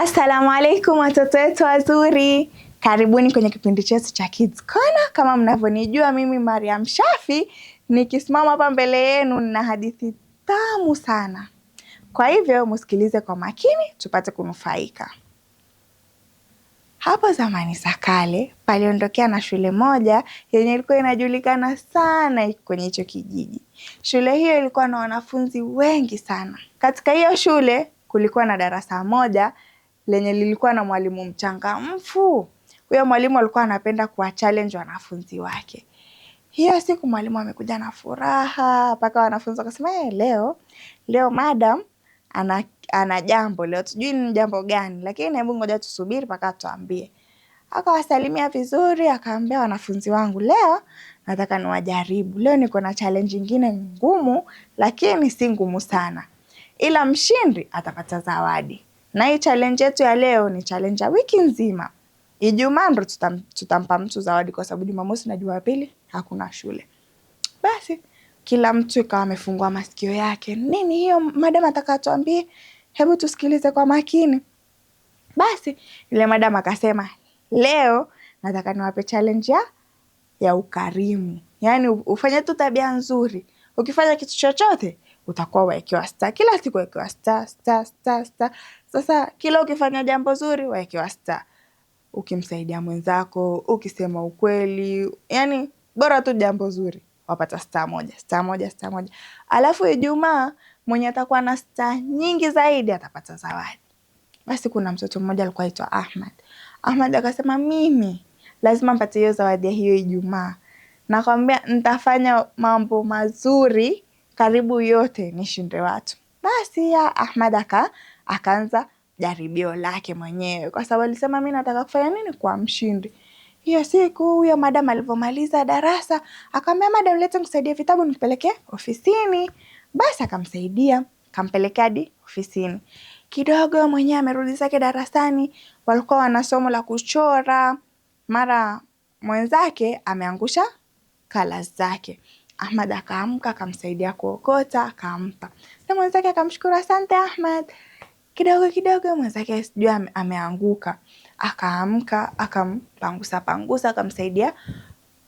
Assalamu alaikum watoto wetu wazuri, karibuni kwenye kipindi chetu cha Kids Corner. Kama mnavyonijua mimi Mariam Shafi, nikisimama hapa mbele yenu na hadithi tamu sana, kwa hivyo msikilize kwa makini tupate kunufaika. Hapo zamani za kale paliondokea na shule moja yenye ilikuwa inajulikana sana kwenye hicho kijiji. Shule hiyo ilikuwa na wanafunzi wengi sana. Katika hiyo shule kulikuwa na darasa moja lenye lilikuwa na mwalimu mchangamfu. Huyo mwalimu alikuwa anapenda kuwa challenge wanafunzi wake. Hiyo siku mwalimu amekuja na furaha mpaka wanafunzi wakasema hey, eh, leo leo madam ana, ana jambo leo, tujui ni jambo gani, lakini hebu ngoja tusubiri mpaka atuambie. Akawasalimia vizuri, akaambia wanafunzi wangu, leo nataka niwajaribu. Leo niko na challenge nyingine ngumu, lakini si ngumu sana, ila mshindi atapata zawadi. Na hii challenge yetu ya leo ni challenge ya wiki nzima. Ijumaa ndo tutam, tutampa mtu zawadi kwa sababu Jumamosi na Jumapili hakuna shule. Basi kila mtu ikawa amefungua masikio yake. Nini hiyo madam atakatuambie? Hebu tusikilize kwa makini. Basi yule madam akasema, leo nataka niwape challenge ya ya ukarimu, yaani ufanye tu tabia nzuri, ukifanya kitu chochote utakuwa waekewa sta kila siku, waekewa sta sta sta sta. Sasa kila ukifanya jambo zuri waekewa sta, ukimsaidia mwenzako, ukisema ukweli, yani bora tu jambo zuri wapata sta moja, sta moja, sta moja. Alafu Ijumaa mwenye atakuwa na sta nyingi zaidi atapata zawadi. Basi kuna mtoto mmoja alikuwa aitwa Ahmad. Ahmad akasema mimi lazima mpate hiyo zawadi ya hiyo Ijumaa, nakwambia ntafanya mambo mazuri karibu yote nishinde watu. Basi ya Ahmad aka akaanza jaribio lake mwenyewe, kwa sababu alisema mimi nataka kufanya nini kwa mshindi. Hiyo siku huyo madam alivyomaliza darasa akamwambia madam, lete nikusaidie vitabu nipelekee ofisini. Basi akamsaidia kampelekea hadi ofisini. Kidogo mwenyewe amerudi zake darasani, walikuwa wana somo la kuchora, mara mwenzake ameangusha kala zake. Ahmad akaamka akamsaidia kuokota akampa, na mwenzake akamshukuru, asante Ahmad. Kidogo kidogo mwenzake sijui ame, ameanguka akaamka akampangusa pangusa akamsaidia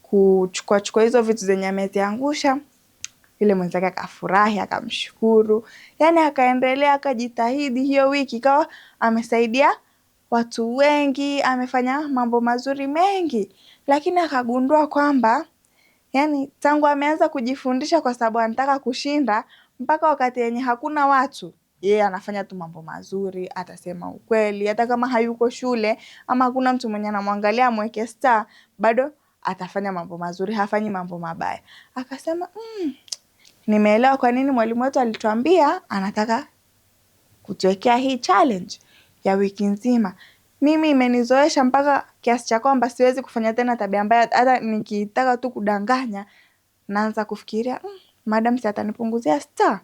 kuchukua chukua hizo vitu zenye ameziangusha. Yule mwenzake akafurahi akamshukuru, yaani akaendelea akajitahidi. Hiyo wiki ikawa amesaidia watu wengi, amefanya mambo mazuri mengi, lakini akagundua kwamba yani tangu ameanza kujifundisha kwa sababu anataka kushinda mpaka wakati yenye hakuna watu yeye anafanya tu mambo mazuri, atasema ukweli, hata kama hayuko shule ama hakuna mtu mwenye anamwangalia amweke star, bado atafanya mambo mazuri, hafanyi mambo mabaya. Akasema mm, nimeelewa kwa nini mwalimu wetu alituambia anataka kutuwekea hii challenge ya wiki nzima mimi imenizoesha mpaka kiasi cha kwamba siwezi kufanya tena tabia mbaya. Hata nikitaka tu kudanganya, naanza kufikiria mm, madam si atanipunguzia star,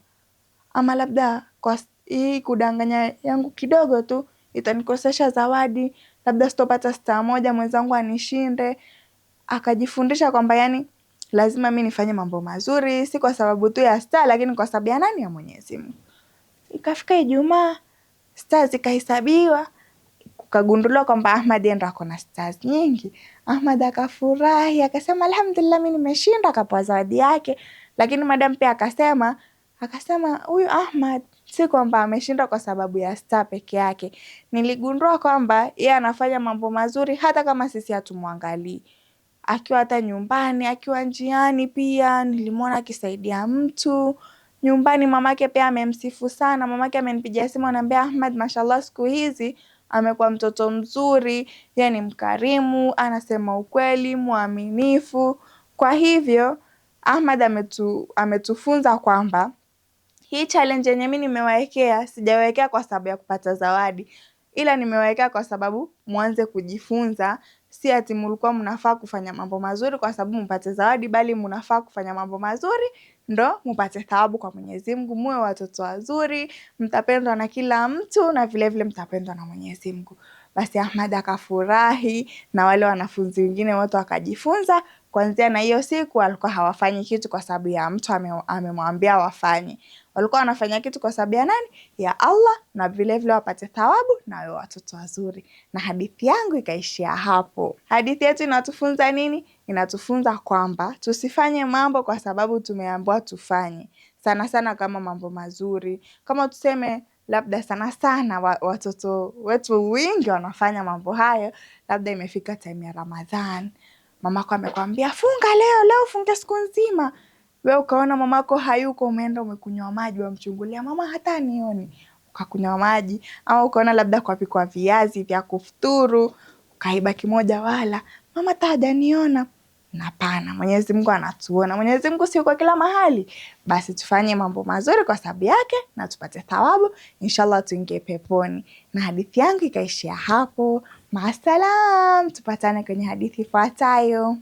ama labda kwa hii kudanganya yangu kidogo tu itanikosesha zawadi, labda sitopata star moja, mwenzangu anishinde. Akajifundisha kwamba yani lazima mi nifanye mambo mazuri, si kwa sababu tu ya star, lakini kwa sababu ya nani? Ya Mwenyezi Mungu. Ikafika Ijumaa, star zikahesabiwa ukagundulwa kwamba Ahmad ndo ako na stars nyingi. Ahmad akafurahi akasema, alhamdulillah, mi nimeshinda, akapewa zawadi yake. Lakini madam pia akasema akasema huyu Ahmad si kwamba ameshinda kwa sababu ya star peke yake. Niligundua kwamba yeye anafanya mambo mazuri hata kama sisi hatumwangalii, akiwa hata nyumbani, akiwa njiani. Pia nilimwona akisaidia mtu nyumbani. Mamake pia amemsifu sana. Mamake amenipigia simu, anaambia Ahmad, mashallah, siku hizi amekuwa mtoto mzuri, yeye ni mkarimu, anasema ukweli, mwaminifu. Kwa hivyo Ahmad ametu, ametufunza kwamba hii challenge yenye mi nimewaekea sijawekea kwa sababu ya kupata zawadi, ila nimewawekea kwa sababu mwanze kujifunza si ati mulikuwa mnafaa kufanya mambo mazuri kwa sababu mpate zawadi, bali mnafaa kufanya mambo mazuri ndo mupate thawabu kwa Mwenyezi Mungu. Muwe watoto wazuri, mtapendwa na kila mtu na vile vile mtapendwa na Mwenyezi Mungu. Basi Ahmad akafurahi na wale wanafunzi wengine wote wakajifunza. Kwanzia na hiyo siku walikuwa hawafanyi kitu kwa sababu ya mtu amemwambia ame wafanye, walikuwa wanafanya kitu kwa sababu ya nani? Ya Allah, na vile vile wapate thawabu na wawe watoto wazuri. Na hadithi yangu ikaishia hapo. Hadithi yetu inatufunza nini? Inatufunza kwamba tusifanye mambo kwa sababu tumeambiwa tufanye, sana sana kama mambo mazuri, kama tuseme labda sana sana watoto wetu wingi wanafanya mambo hayo, labda imefika time ya Ramadhan mamako amekwambia funga leo, leo funga siku nzima, we ukaona mamako hayuko, umeenda umekunywa maji, wamchungulia mama hata nioni ukakunywa maji, ama ukaona labda kwapikwa viazi vya kufuturu, ukaiba kimoja, wala mama hata hajaniona. Napana, Mwenyezi Mungu anatuona. Mwenyezi Mungu sio kwa kila mahali, basi tufanye mambo mazuri kwa sababu yake na tupate thawabu, inshallah tuingie peponi. Na hadithi yangu ikaishia hapo masalam tupatane kwenye hadithi ifuatayo.